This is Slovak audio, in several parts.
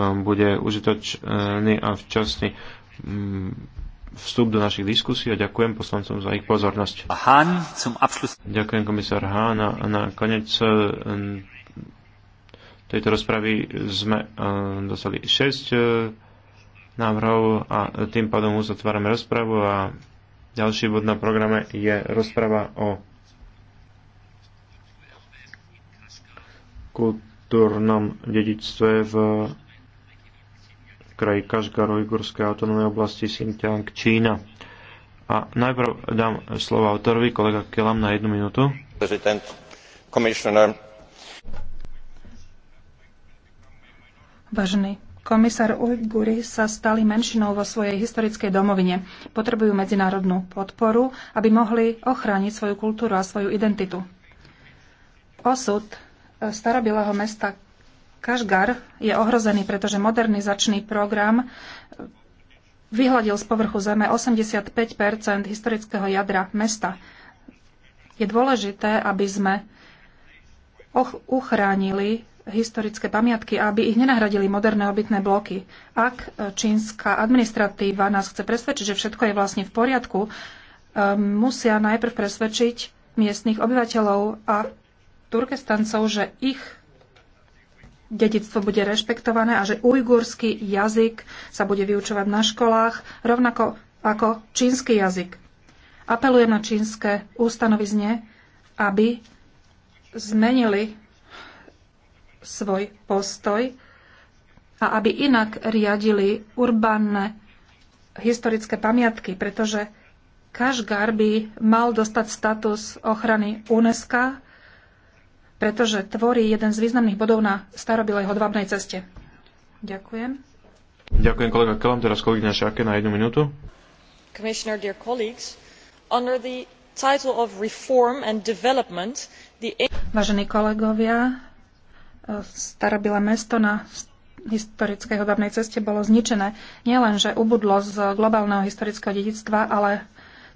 Um, bude užitočný a včasný mm, vstup do našich diskusí a ďakujem poslancom za ich pozornosť. Hán, zum Abschluss. Ďakujem komisár Hán a na konec e, tejto rozpravy sme e, dostali 6 e, návrhov a tým pádom uzatvárame rozpravu a ďalší bod na programe je rozprava o kultúrnom dedičstve v kraji Kašgar, Ujgurskej autonómnej oblasti Xinjiang, Čína. A najprv dám slovo autorovi, kolega Kelam, na jednu minútu. Vážený komisár, Ujguri sa stali menšinou vo svojej historickej domovine. Potrebujú medzinárodnú podporu, aby mohli ochrániť svoju kultúru a svoju identitu. Osud e, starobilého mesta Kašgar je ohrozený, pretože modernizačný program vyhľadil z povrchu zeme 85 historického jadra mesta. Je dôležité, aby sme uchránili historické pamiatky a aby ich nenahradili moderné obytné bloky. Ak e, čínska administratíva nás chce presvedčiť, že všetko je vlastne v poriadku, e, musia najprv presvedčiť miestnych obyvateľov a turkestancov, že ich dedictvo bude rešpektované a že ujgurský jazyk sa bude vyučovať na školách, rovnako ako čínsky jazyk. Apelujem na čínske ústanovizne, aby zmenili svoj postoj a aby inak riadili urbánne historické pamiatky, pretože Kašgar by mal dostať status ochrany UNESCO pretože tvorí jeden z významných bodov na starobilej hodvábnej ceste. Ďakujem. Ďakujem kolega Kelam, teraz kolegyňa Šáke na jednu minútu. Commissioner, dear colleagues, under the title of reform and development, the... Vážení kolegovia, e, starobilé mesto na historickej hodobnej ceste bolo zničené. Nielen, že ubudlo z globálneho historického dedictva, ale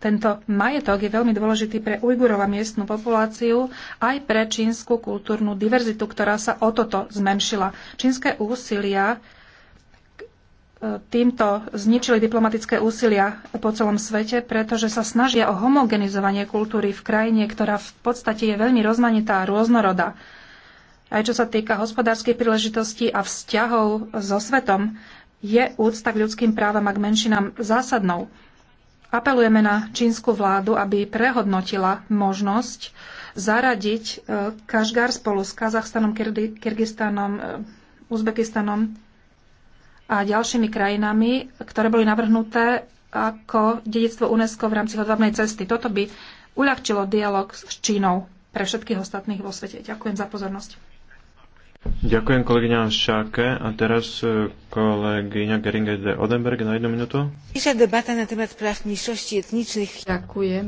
tento majetok je veľmi dôležitý pre Ujgurov a miestnu populáciu, aj pre čínsku kultúrnu diverzitu, ktorá sa o toto zmenšila. Čínske úsilia e, týmto zničili diplomatické úsilia po celom svete, pretože sa snažia o homogenizovanie kultúry v krajine, ktorá v podstate je veľmi rozmanitá a rôznorodá. Aj čo sa týka hospodárskej príležitosti a vzťahov so svetom, je úcta k ľudským právam a k menšinám zásadnou. Apelujeme na čínsku vládu, aby prehodnotila možnosť zaradiť e, Kašgar spolu s Kazachstanom, Kyrgyzstanom, e, Uzbekistanom a ďalšími krajinami, ktoré boli navrhnuté ako dedictvo UNESCO v rámci hodvábnej cesty. Toto by uľahčilo dialog s Čínou pre všetkých ostatných vo svete. Ďakujem za pozornosť. Ďakujem kolegyňa Šáke a teraz e, kolegyňa Geringer de Odenberg na jednu minútu. debata na témat práv mniejszości etnicznych. Ďakujem.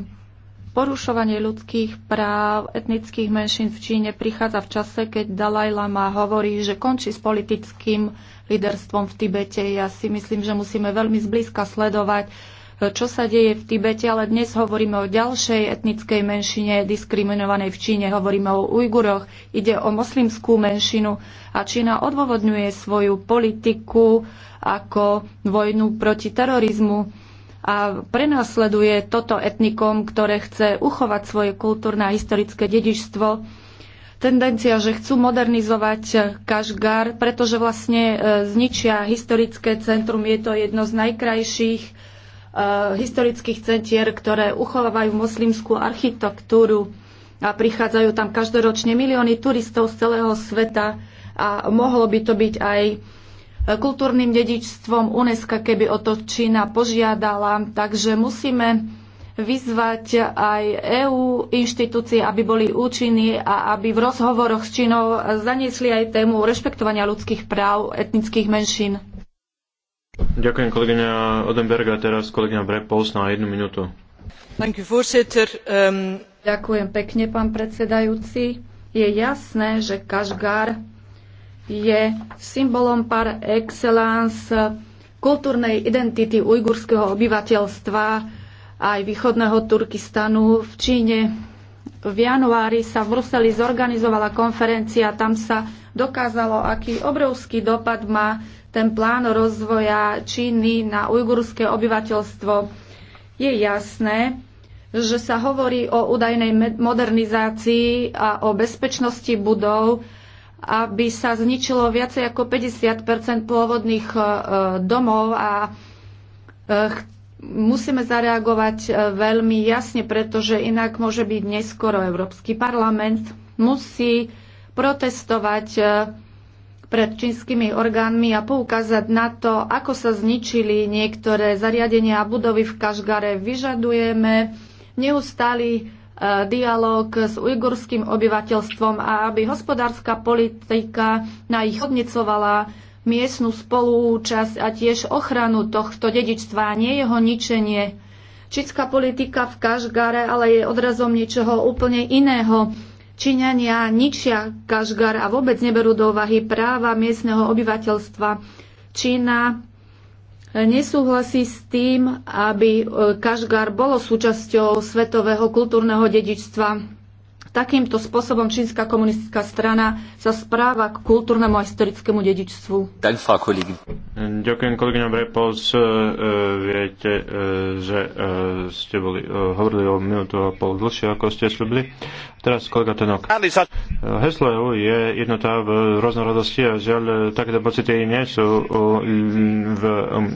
Porušovanie ľudských práv etnických menšín v Číne prichádza v čase, keď Dalaj Lama hovorí, že končí s politickým líderstvom v Tibete. Ja si myslím, že musíme veľmi zblízka sledovať čo sa deje v Tibete, ale dnes hovoríme o ďalšej etnickej menšine diskriminovanej v Číne, hovoríme o Ujguroch, ide o moslimskú menšinu a Čína odôvodňuje svoju politiku ako vojnu proti terorizmu a prenasleduje toto etnikom, ktoré chce uchovať svoje kultúrne a historické dedičstvo. Tendencia, že chcú modernizovať Kašgar, pretože vlastne e, zničia historické centrum. Je to jedno z najkrajších Eh, historických centier, ktoré uchovávajú moslimskú architektúru a prichádzajú tam každoročne milióny turistov z celého sveta a mohlo by to byť aj eh, kultúrnym dedičstvom UNESCO, keby o to Čína požiadala. Takže musíme vyzvať aj EÚ inštitúcie, aby boli účinní a aby v rozhovoroch s Čínou zaniesli aj tému rešpektovania ľudských práv etnických menšín. Ďakujem kolegyňa Odenberga a teraz kolegyňa Brepols na jednu minútu. Um... Ďakujem pekne, pán predsedajúci. Je jasné, že Kašgar je symbolom par excellence kultúrnej identity ujgurského obyvateľstva aj východného Turkistanu v Číne. V januári sa v Bruseli zorganizovala konferencia, tam sa dokázalo, aký obrovský dopad má ten plán rozvoja Číny na ujgurské obyvateľstvo. Je jasné, že sa hovorí o údajnej modernizácii a o bezpečnosti budov, aby sa zničilo viacej ako 50 pôvodných e, domov a e, musíme zareagovať e, veľmi jasne, pretože inak môže byť neskoro Európsky parlament musí protestovať pred čínskymi orgánmi a poukázať na to, ako sa zničili niektoré zariadenia a budovy v Kažgare. Vyžadujeme neustály e, dialog s ujgurským obyvateľstvom a aby hospodárska politika na ich odnecovala miestnu spolúčasť a tiež ochranu tohto dedičstva, nie jeho ničenie. Čínska politika v Kažgare ale je odrazom niečoho úplne iného. Číňania ničia Kašgar a vôbec neberú do úvahy práva miestneho obyvateľstva. Čína nesúhlasí s tým, aby eh, Kašgar bolo súčasťou svetového kultúrneho dedičstva. Takýmto spôsobom čínska komunistická strana sa správa k kultúrnemu a historickému dedičstvu. Ďakujem, kolegyňa Brepos. E, e, viete, e, že ste boli, hovorili o minútu a pol dlhšie, ako ste slúbili. Teraz kolega Tenok. Heslo EU je jednota v rôznorodosti a žiaľ, takéto pocity nie sú v um,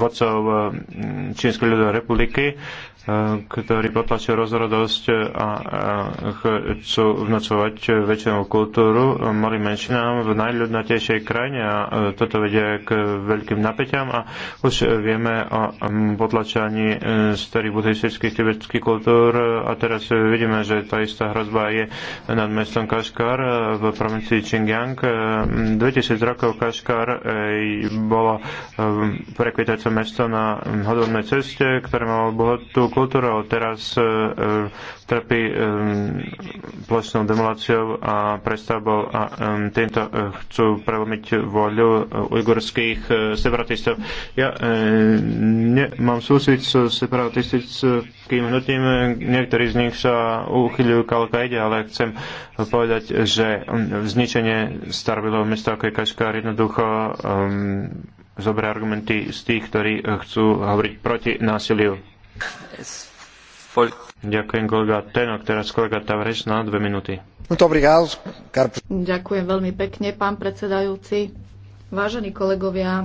vodcov Čínskej ľudovej republiky, ktorí potlačujú a, a chcú vnúcovať väčšinou kultúru malým menšinám v najľudnatejšej krajine a e, toto vedie k veľkým napäťam a už vieme o potlačaní e, starých buddhistických tibetských kultúr a teraz vidíme, že tá istá hrozba je nad mestom Kaškar e, v provincii Xinjiang. 2000 rokov Kaškar bolo prekvitajúce mesto na hodovnej ceste, ktoré malo bohatú kultúru a teraz trpí plošnou demoláciou a prestavbou a týmto e, chcú prelomiť voľu e, ujgurských e, separatistov. Ja nemám súsiť s separatistickým hnutím, niektorí z nich sa uchyľujú k Al-Qaide, ale chcem povedať, že zničenie starbilého mesta ako je Kaškár jednoducho zobre argumenty z tých, ktorí chcú hovoriť proti násiliu. Ďakujem kolega Tenok, teraz kolega Tavreš na dve minúty. Ďakujem veľmi pekne, pán predsedajúci. Vážení kolegovia,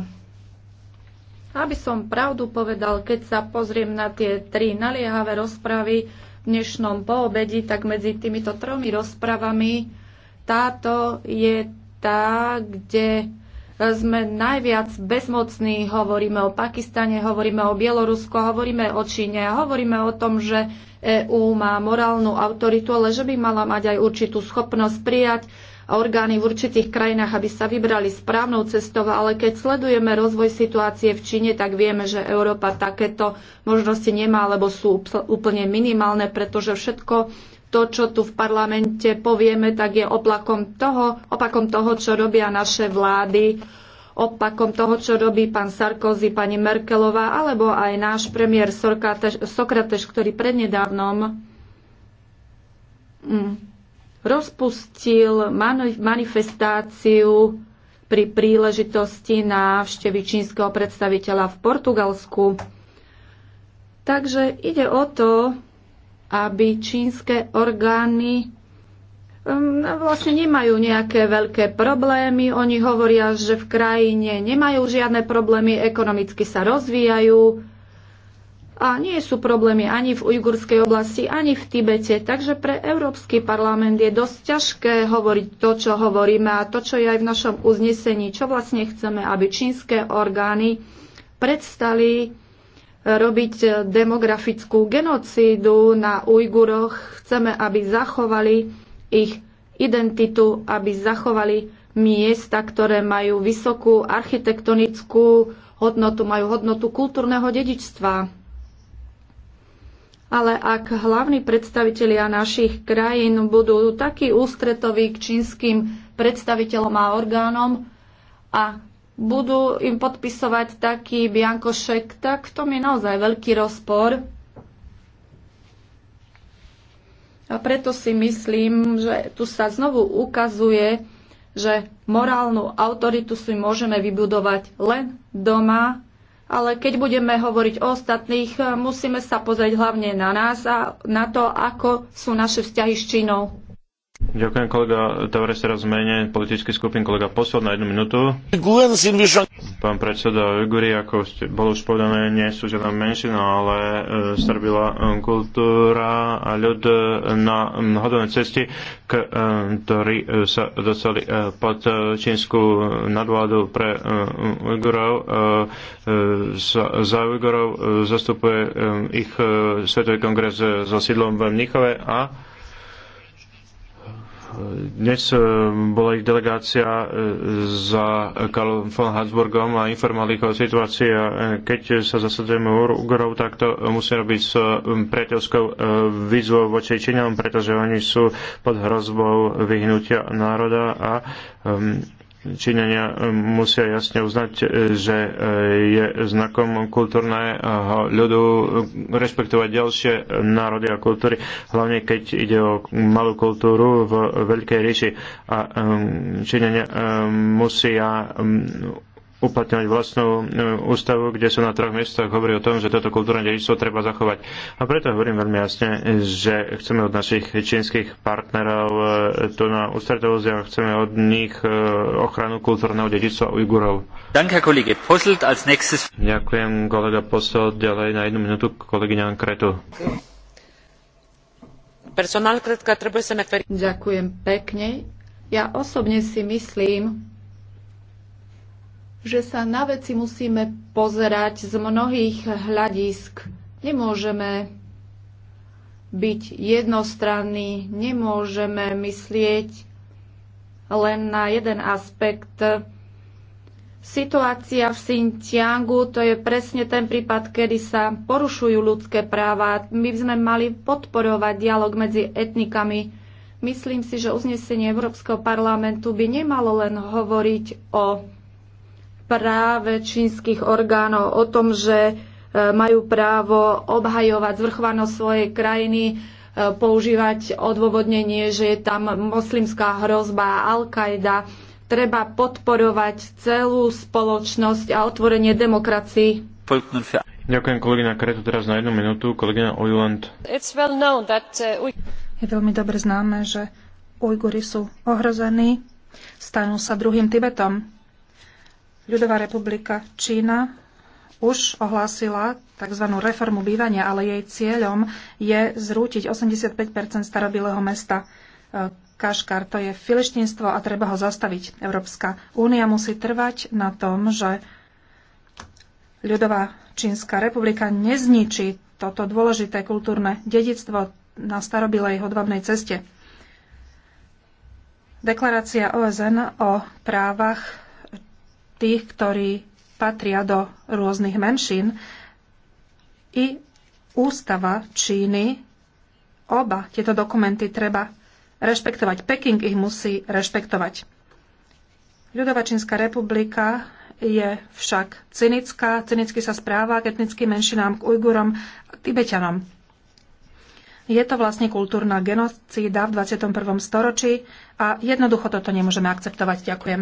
aby som pravdu povedal, keď sa pozriem na tie tri naliehavé rozpravy v dnešnom poobedi, tak medzi týmito tromi rozpravami táto je tá, kde sme najviac bezmocní, hovoríme o Pakistane, hovoríme o Bielorusko, hovoríme o Číne a hovoríme o tom, že EÚ má morálnu autoritu, ale že by mala mať aj určitú schopnosť prijať orgány v určitých krajinách, aby sa vybrali správnou cestou, ale keď sledujeme rozvoj situácie v Číne, tak vieme, že Európa takéto možnosti nemá, alebo sú úplne minimálne, pretože všetko to, čo tu v parlamente povieme, tak je oplakom toho, opakom toho, čo robia naše vlády, opakom toho, čo robí pán Sarkozy, pani Merkelová, alebo aj náš premiér Sokrates, ktorý prednedávnom mm, rozpustil manifestáciu pri príležitosti návštevy čínskeho predstaviteľa v Portugalsku. Takže ide o to, aby čínske orgány um, no, vlastne nemajú nejaké veľké problémy. Oni hovoria, že v krajine nemajú žiadne problémy, ekonomicky sa rozvíjajú a nie sú problémy ani v ujgurskej oblasti, ani v Tibete. Takže pre Európsky parlament je dosť ťažké hovoriť to, čo hovoríme a to, čo je aj v našom uznesení, čo vlastne chceme, aby čínske orgány predstali robiť eh, demografickú genocídu na Ujguroch. Chceme, aby zachovali ich identitu, aby zachovali miesta, ktoré majú vysokú architektonickú hodnotu, majú hodnotu kultúrneho dedičstva. Ale ak hlavní predstavitelia našich krajín budú takí ústretoví k čínskym predstaviteľom a orgánom a budú im podpisovať taký biankošek, tak to mi je naozaj veľký rozpor. A preto si myslím, že tu sa znovu ukazuje, že morálnu autoritu si môžeme vybudovať len doma, ale keď budeme hovoriť o ostatných, musíme sa pozrieť hlavne na nás a na to, ako sú naše vzťahy s Čínou. Ďakujem kolega Tavares teraz mene politických skupín kolega Posol na jednu minútu. Pán predseda Uguri, ako ste, bolo už povedané, nie sú žiadna menšina, ale e, strbila e, kultúra a ľud e, na hodné cesti, k, e, ktorí e, sa dostali e, pod čínsku nadvládu pre e, Ugurov. E, za, za Ugurov e, zastupuje e, ich e, Svetový kongres so sídlom v Mnichove a dnes e, bola ich delegácia e, za Karlom von Habsburgom a informovali ich o situácii a e, keď sa zasadzujeme Ugorov, tak to musí robiť s priateľskou výzvou voči Číňanom, pretože oni sú pod hrozbou vyhnutia národa a Číňania e, musia jasne uznať, e, že e, je znakom kultúrneho ľudu rešpektovať ďalšie národy a kultúry, hlavne keď ide o malú kultúru v veľkej ríši. A Číňania musia uplatňovať vlastnú e, ústavu, kde sa na troch miestach hovorí o tom, že toto kultúrne dedičstvo treba zachovať. A preto hovorím veľmi jasne, že chceme od našich čínskych partnerov e, tu na ústretovosť a chceme od nich e, ochranu kultúrneho dedičstva Ujgurov. Ďakujem, kolega Posol. Ďalej na jednu minútu kolegyňa Ankretu. Personál, Ďakujem pekne. Ja osobne si myslím, že sa na veci musíme pozerať z mnohých hľadisk. Nemôžeme byť jednostranní, nemôžeme myslieť len na jeden aspekt. Situácia v Xinjiangu to je presne ten prípad, kedy sa porušujú ľudské práva. My by sme mali podporovať dialog medzi etnikami. Myslím si, že uznesenie Európskeho parlamentu by nemalo len hovoriť o práve čínskych orgánov o tom, že e, majú právo obhajovať zvrchovanosť svojej krajiny, e, používať odôvodnenie, že je tam moslimská hrozba Al-Qaida. Treba podporovať celú spoločnosť a otvorenie demokracii. Ďakujem kolegyňa Kretu teraz na jednu minútu. Kolegyňa Ojland. Uh, je veľmi dobre známe, že Ujguri sú ohrození. Stanú sa druhým Tibetom. Ľudová republika Čína už ohlásila tzv. reformu bývania, ale jej cieľom je zrútiť 85 starobilého mesta e, Kaškar. To je filištinstvo a treba ho zastaviť. Európska únia musí trvať na tom, že ľudová Čínska republika nezničí toto dôležité kultúrne dedictvo na starobilej hodvabnej ceste. Deklarácia OSN o právach tých, ktorí patria do rôznych menšín. I ústava Číny, oba tieto dokumenty treba rešpektovať. Peking ich musí rešpektovať. Ľudová Čínska republika je však cynická, cynicky sa správa k etnickým menšinám, k Ujgurom a Tibetanom. Je to vlastne kultúrna genocída v 21. storočí a jednoducho toto nemôžeme akceptovať. Ďakujem.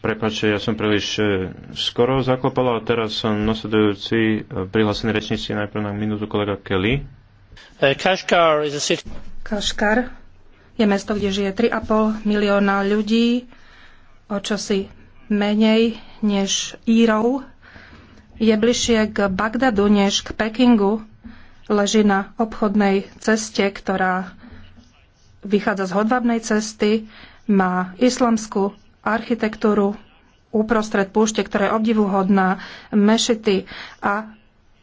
Prepačte, ja som príliš e, skoro zaklopala a teraz som nasledujúci e, prihlásený rečníci najprv na minútu kolega Kelly. E, Kaškar je mesto, kde žije 3,5 milióna ľudí, o si menej než Írov. Je bližšie k Bagdadu než k Pekingu. Leží na obchodnej ceste, ktorá vychádza z hodvabnej cesty, má islamskú architektúru uprostred púšte, ktorá je obdivuhodná, mešity a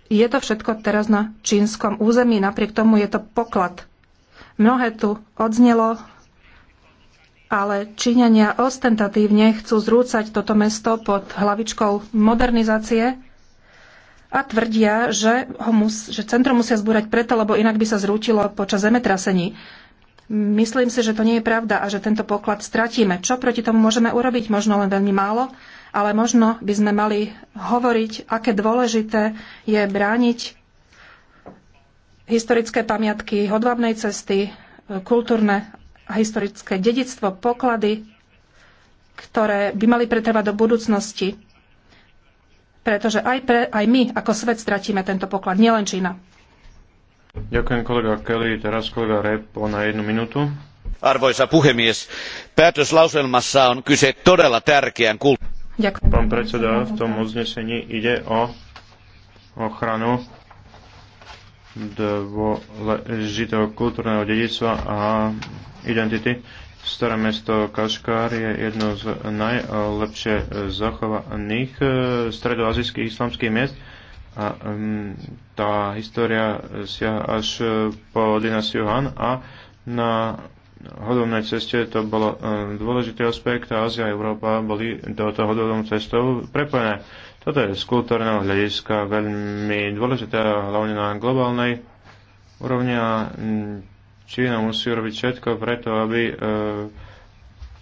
je to všetko teraz na čínskom území, napriek tomu je to poklad. Mnohé tu odznelo, ale Číňania ostentatívne chcú zrúcať toto mesto pod hlavičkou modernizácie a tvrdia, že, ho mus, že centrum musia zbúrať preto, lebo inak by sa zrútilo počas zemetrasení. Myslím si, že to nie je pravda a že tento poklad stratíme. Čo proti tomu môžeme urobiť? Možno len veľmi málo, ale možno by sme mali hovoriť, aké dôležité je brániť historické pamiatky hodvábnej cesty, kultúrne a historické dedictvo, poklady, ktoré by mali pretrvať do budúcnosti. Pretože aj, pre, aj my ako svet stratíme tento poklad, nielen Čína. Ďakujem kolega Kelly, teraz kolega Repo na jednu minútu. Arvoisa puhemies, päätöslauselmassa on kyse todella tärkeän kulttuurin. Pán predseda, v tom uznesení ide o ochranu dôležitého kultúrneho dedičstva a identity. Staré mesto Kaškár je jedno z najlepšie zachovaných eh, stredoazijských islamských miest a um, tá história siaha až e, po dynastiu Han a na hodovnej ceste to bolo um, dôležitý aspekt a Ázia a Európa boli do toho hodovnou cestou prepojené. Toto je z kultúrneho hľadiska veľmi dôležité, hlavne na globálnej úrovni a Čína musí robiť všetko preto, aby uh,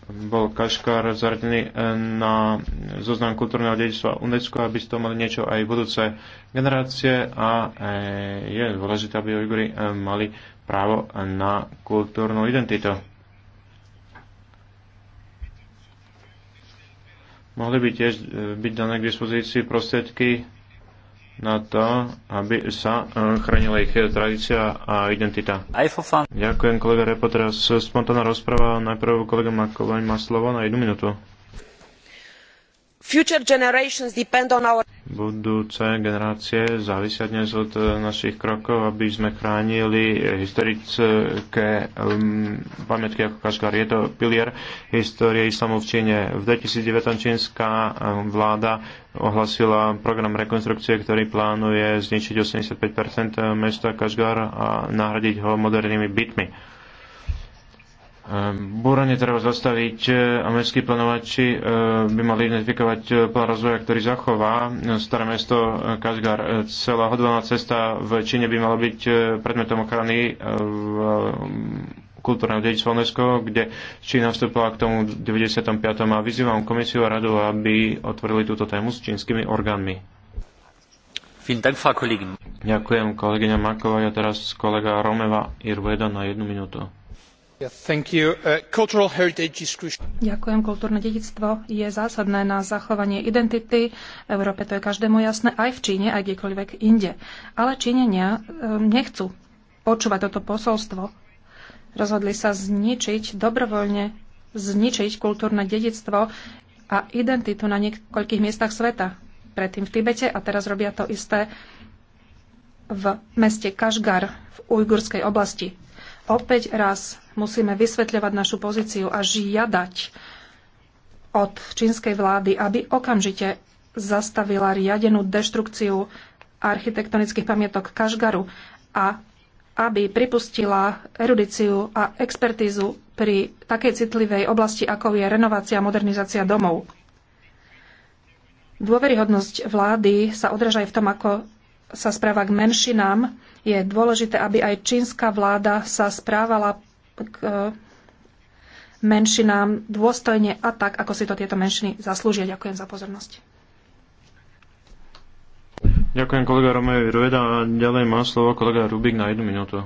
bol Kaškar zaradený eh, na zoznam kultúrneho dedičstva UNESCO, aby z toho mali niečo aj budúce generácie a eh, je dôležité, aby Ujguri eh, mali právo na kultúrnu identitu. Mohli by tiež byť dané k dispozícii prostriedky na to, aby sa e, chránila ich e, tradícia a identita. Ďakujem kolega Repo, teraz spontánna rozpráva. Najprv kolega Makovaň má slovo na jednu minútu. Budúce generácie závisia dnes od našich krokov, aby sme chránili historické um, pamätky ako Kašgar. Je to pilier histórie islamu v Číne. V 2009 čínska um, vláda ohlasila program rekonstrukcie, ktorý plánuje zničiť 85% mesta Kašgar a nahradiť ho modernými bytmi Ehm, Búranie treba zastaviť e, a mestskí plánovači e, by mali identifikovať e, plán rozvoja, ktorý zachová staré mesto Kazgar. Celá hodovaná cesta v Číne by mala byť predmetom ochrany v kultúrneho dedičstva UNESCO, kde Čína vstúpila k tomu v 95. a vyzývam komisiu a radu, aby otvorili túto tému s čínskymi orgánmi. Ďakujem kolegyňa Makova. a teraz kolega Romeva Irveda na jednu minútu. Uh, Ďakujem. Kultúrne dedictvo je zásadné na zachovanie identity. V Európe to je každému jasné, aj v Číne, aj kdekoľvek inde. Ale Čínenia um, nechcú počúvať toto posolstvo. Rozhodli sa zničiť, dobrovoľne zničiť kultúrne dedictvo a identitu na niekoľkých miestach sveta. Predtým v Tibete a teraz robia to isté v meste Kašgar v ujgurskej oblasti. Opäť raz musíme vysvetľovať našu pozíciu a žiadať od čínskej vlády, aby okamžite zastavila riadenú deštrukciu architektonických pamiatok Kašgaru a aby pripustila erudiciu a expertízu pri takej citlivej oblasti, ako je renovácia a modernizácia domov. Dôveryhodnosť vlády sa odráža aj v tom, ako sa správa k menšinám, je dôležité, aby aj čínska vláda sa správala k e, menšinám dôstojne a tak, ako si to tieto menšiny zaslúžia. Ďakujem za pozornosť. Ďakujem kolega Romej Rueda a ďalej má slovo kolega Rubik na jednu minútu.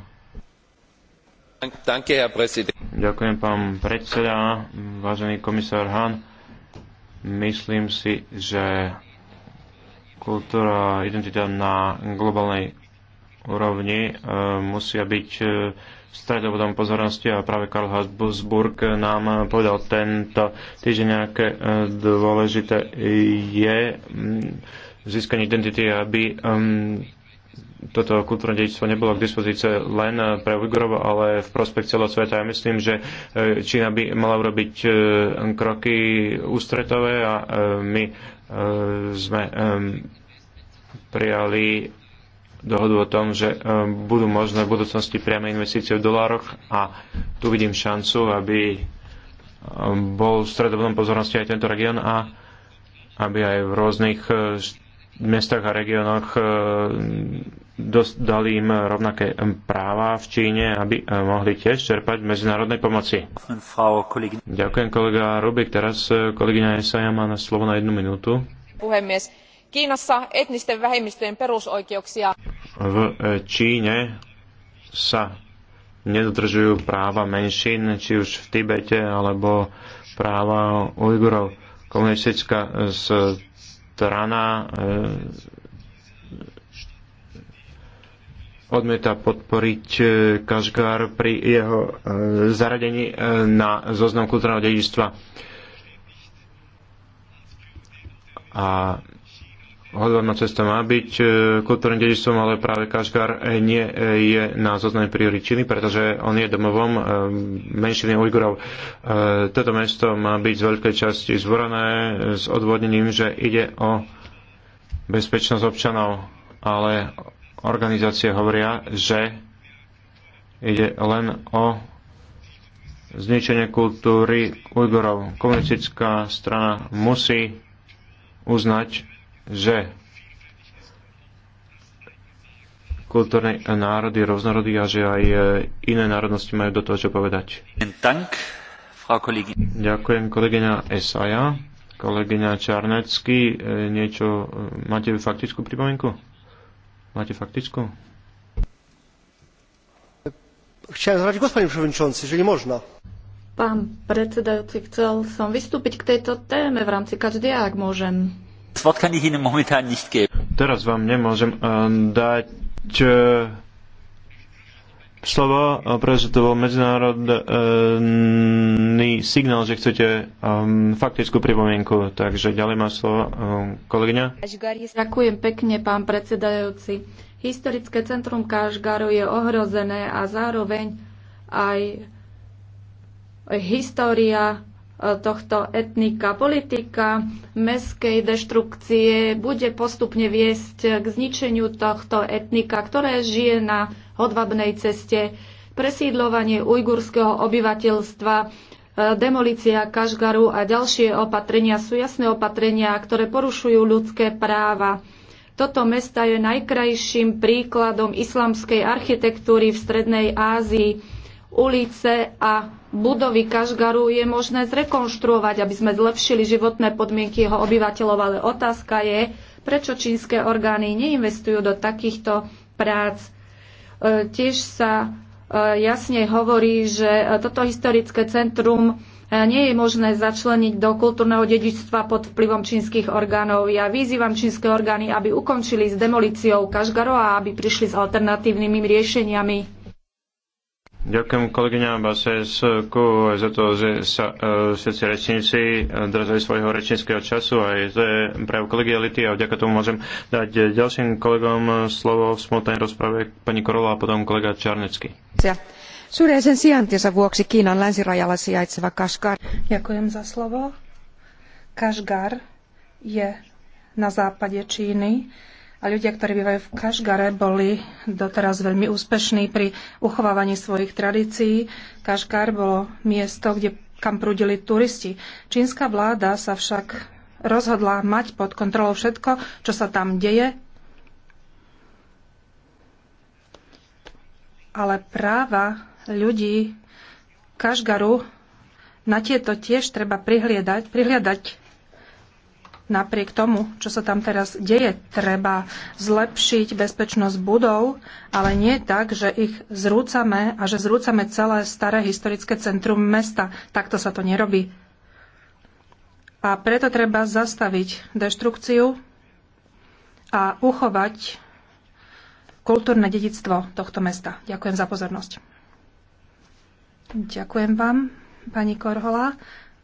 Ďakujem pán predseda, vážený komisár Han. Myslím si, že kultúra a identita na globálnej úrovni e, musia byť e, stredobodom pozornosti a práve Karl Habsburg nám povedal tento týždeň, aké e, dôležité je mm, získanie identity, aby toto kultúrne dedičstvo nebolo k dispozícii len pre Ujgurov, ale v prospech celého sveta. Ja myslím, že e, Čína by mala urobiť e, kroky ústretové a e, my sme prijali dohodu o tom, že budú možné v budúcnosti priame investície v dolároch a tu vidím šancu, aby bol v stredobodnom pozornosti aj tento región a aby aj v rôznych mestách a regiónoch dali im rovnaké práva v Číne, aby eh, mohli tiež čerpať medzinárodnej pomoci. Ďakujem kolega Rubik. Teraz eh, kolegyňa Esaja má na slovo na jednu minútu. Puhemies. Kiinassa etnisten vähemmistöjen perusoikeuksia. V eh, Číne sa nedodržujú práva menšín, či už v Tibete, alebo práva Ujgurov. Komunistická strana e, odmieta podporiť e, Kažgár pri jeho e, zaradení e, na zoznam kultúrneho dedičstva. A hodovaná cesta má byť kultúrnym dedičstvom, ale práve Kašgar nie je na zoznam prioričiny, pretože on je domovom menšiny Ujgurov. Toto mesto má byť z veľkej časti zvorené s odvodnením, že ide o bezpečnosť občanov, ale organizácie hovoria, že ide len o zničenie kultúry Ujgurov. Komunistická strana musí uznať, že kultúrne národy rôznorody a že aj iné národnosti majú do toho čo povedať. Ďakujem kolegyňa Esaja. Kolegyňa Čarnecky, e, niečo, máte faktickú pripomienku? Máte faktickú? Chcem zrať głos, panie že jeżeli Pán predsedajúci, chcel som vystúpiť k tejto téme v rámci každej, ak môžem. Teraz vám nemôžem eh, dať eh, slovo, eh, pretože to bol medzinárodný eh, signál, že chcete um, faktickú pripomienku. Takže ďalej má slovo um, kolegyňa. Ďakujem pekne, pán predsedajúci. Historické centrum Kašgaru je ohrozené a zároveň aj história eh, tohto etnika. Politika meskej deštrukcie bude postupne viesť k zničeniu tohto etnika, ktoré žije na hodvabnej ceste, presídlovanie ujgurského obyvateľstva, e, demolícia Kažgaru a ďalšie opatrenia sú jasné opatrenia, ktoré porušujú ľudské práva. Toto mesta je najkrajším príkladom islamskej architektúry v Strednej Ázii. Ulice a budovy Kažgaru je možné zrekonštruovať, aby sme zlepšili životné podmienky jeho obyvateľov, ale otázka je, prečo čínske orgány neinvestujú do takýchto prác Tiež sa e, jasne hovorí, že e, toto historické centrum e, nie je možné začleniť do kultúrneho dedičstva pod vplyvom čínskych orgánov. Ja vyzývam čínske orgány, aby ukončili s demolíciou Kažgaro a aby prišli s alternatívnymi riešeniami. Ďakujem kolegyňa Basesku za to, že sa uh, všetci rečníci e, držali svojho rečníckého času a je to je kolegiality a vďaka tomu môžem dať ďalším kolegom slovo v smutnej rozprave pani Korola a potom kolega Čarnecký. Syrjäisen sijantinsa vuoksi Kiinan länsirajalla sijaitseva Kashgar. Ďakujem za slovo. Kashgar je na západe Číny a ľudia, ktorí bývajú v Kašgare, boli doteraz veľmi úspešní pri uchovávaní svojich tradícií. Kašgar bolo miesto, kde, kam prúdili turisti. Čínska vláda sa však rozhodla mať pod kontrolou všetko, čo sa tam deje. Ale práva ľudí Kašgaru na tieto tiež treba prihliadať, prihliadať napriek tomu, čo sa tam teraz deje, treba zlepšiť bezpečnosť budov, ale nie tak, že ich zrúcame a že zrúcame celé staré historické centrum mesta. Takto sa to nerobí. A preto treba zastaviť deštrukciu a uchovať kultúrne dedictvo tohto mesta. Ďakujem za pozornosť. Ďakujem vám, pani Korhola.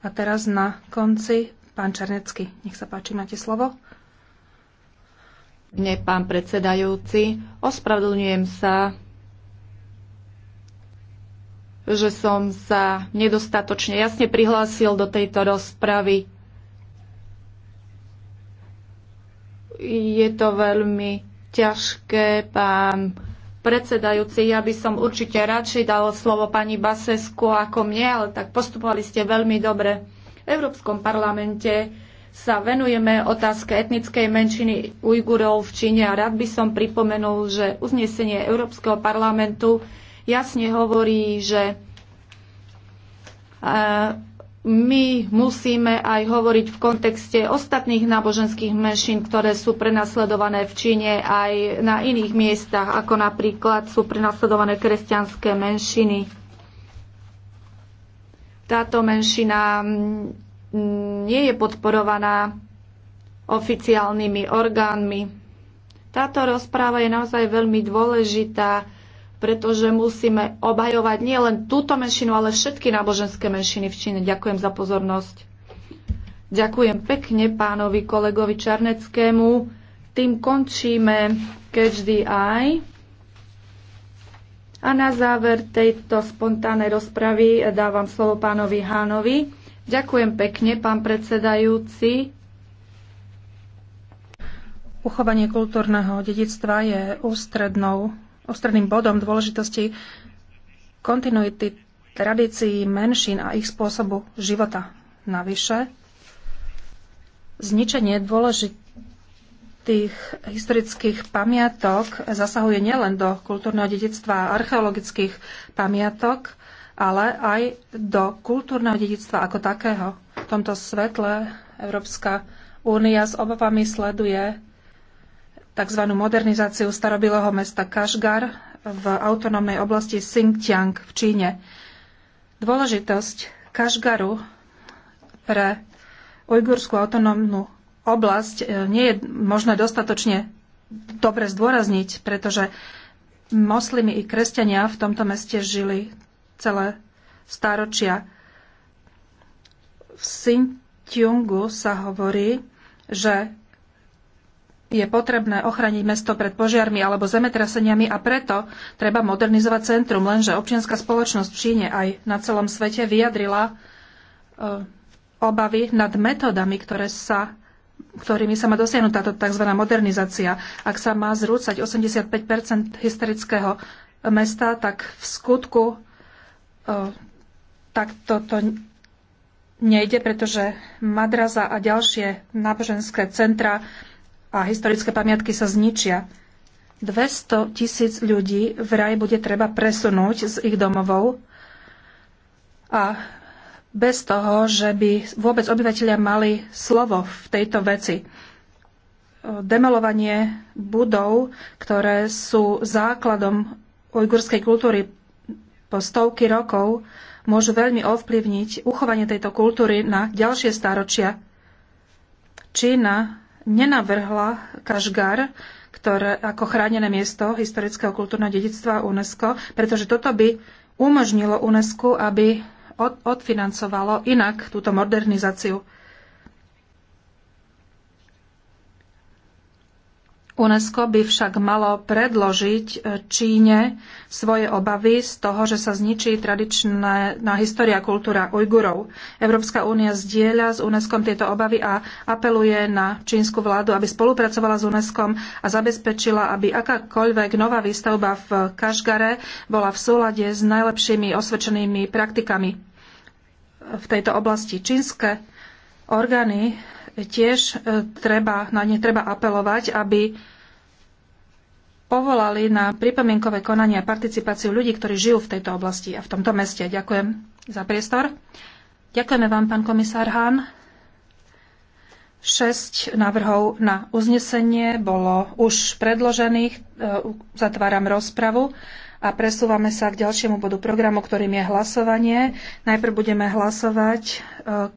A teraz na konci Pán Černecký, nech sa páči, máte slovo. Dne, pán predsedajúci, ospravedlňujem sa, že som sa nedostatočne jasne prihlásil do tejto rozpravy. Je to veľmi ťažké, pán predsedajúci. Ja by som určite radšej dal slovo pani Basesku ako mne, ale tak postupovali ste veľmi dobre. Európskom parlamente sa venujeme otázke etnickej menšiny Ujgurov v Číne a rád by som pripomenul, že uznesenie Európskeho parlamentu jasne hovorí, že e, my musíme aj hovoriť v kontexte ostatných náboženských menšín, ktoré sú prenasledované v Číne aj na iných miestach, ako napríklad sú prenasledované kresťanské menšiny. Táto menšina mm, nie je podporovaná oficiálnymi orgánmi. Táto rozpráva je naozaj veľmi dôležitá, pretože musíme obhajovať nielen túto menšinu, ale všetky náboženské menšiny v Číne. Ďakujem za pozornosť. Ďakujem pekne pánovi kolegovi Čarneckému. Tým končíme Catch the Eye. A na záver tejto spontánnej rozpravy dávam slovo pánovi Hánovi. Ďakujem pekne, pán predsedajúci. Uchovanie kultúrneho dedictva je ústrednou, ústredným bodom dôležitosti kontinuity tradícií menšín a ich spôsobu života. Navyše, zničenie dôležitých tých historických pamiatok zasahuje nielen do kultúrneho dedictva a archeologických pamiatok, ale aj do kultúrneho dedictva ako takého. V tomto svetle Európska únia s obavami sleduje tzv. modernizáciu starobilého mesta Kašgar v autonómnej oblasti Xinjiang v Číne. Dôležitosť Kašgaru pre ujgurskú autonómnu oblasť e, nie je možné dostatočne dobre zdôrazniť, pretože moslimy i kresťania v tomto meste žili celé stáročia. V Sintiungu sa hovorí, že je potrebné ochraniť mesto pred požiarmi alebo zemetraseniami a preto treba modernizovať centrum, lenže občianská spoločnosť v Číne aj na celom svete vyjadrila e, obavy nad metodami, ktoré sa ktorými sa má dosiahnuť táto tzv. modernizácia. Ak sa má zrúcať 85 historického mesta, tak v skutku e, tak toto nejde, pretože Madraza a ďalšie náboženské centra a historické pamiatky sa zničia. 200 tisíc ľudí vraj bude treba presunúť z ich domovov a bez toho, že by vôbec obyvateľia mali slovo v tejto veci. Demolovanie budov, ktoré sú základom ujgurskej kultúry po stovky rokov, môžu veľmi ovplyvniť uchovanie tejto kultúry na ďalšie stáročia. Čína nenavrhla Kašgar ktoré, ako chránené miesto historického kultúrneho dedictva UNESCO, pretože toto by umožnilo UNESCO, aby odfinancovalo inak túto modernizáciu. UNESCO by však malo predložiť e, Číne svoje obavy z toho, že sa zničí tradičná história kultúra Ujgurov. Európska únia zdieľa s UNESCO tieto obavy a apeluje na čínsku vládu, aby spolupracovala s UNESCO a zabezpečila, aby akákoľvek nová výstavba v Kašgare bola v súlade s najlepšími osvedčenými praktikami v tejto oblasti. Čínske orgány tiež e, treba, na ne treba apelovať, aby povolali na pripomienkové konanie a participáciu ľudí, ktorí žijú v tejto oblasti a v tomto meste. Ďakujem za priestor. Ďakujeme vám, pán komisár Hahn. 6 návrhov na uznesenie bolo už predložených. E, zatváram rozpravu a presúvame sa k ďalšiemu bodu programu, ktorým je hlasovanie. Najprv budeme hlasovať e,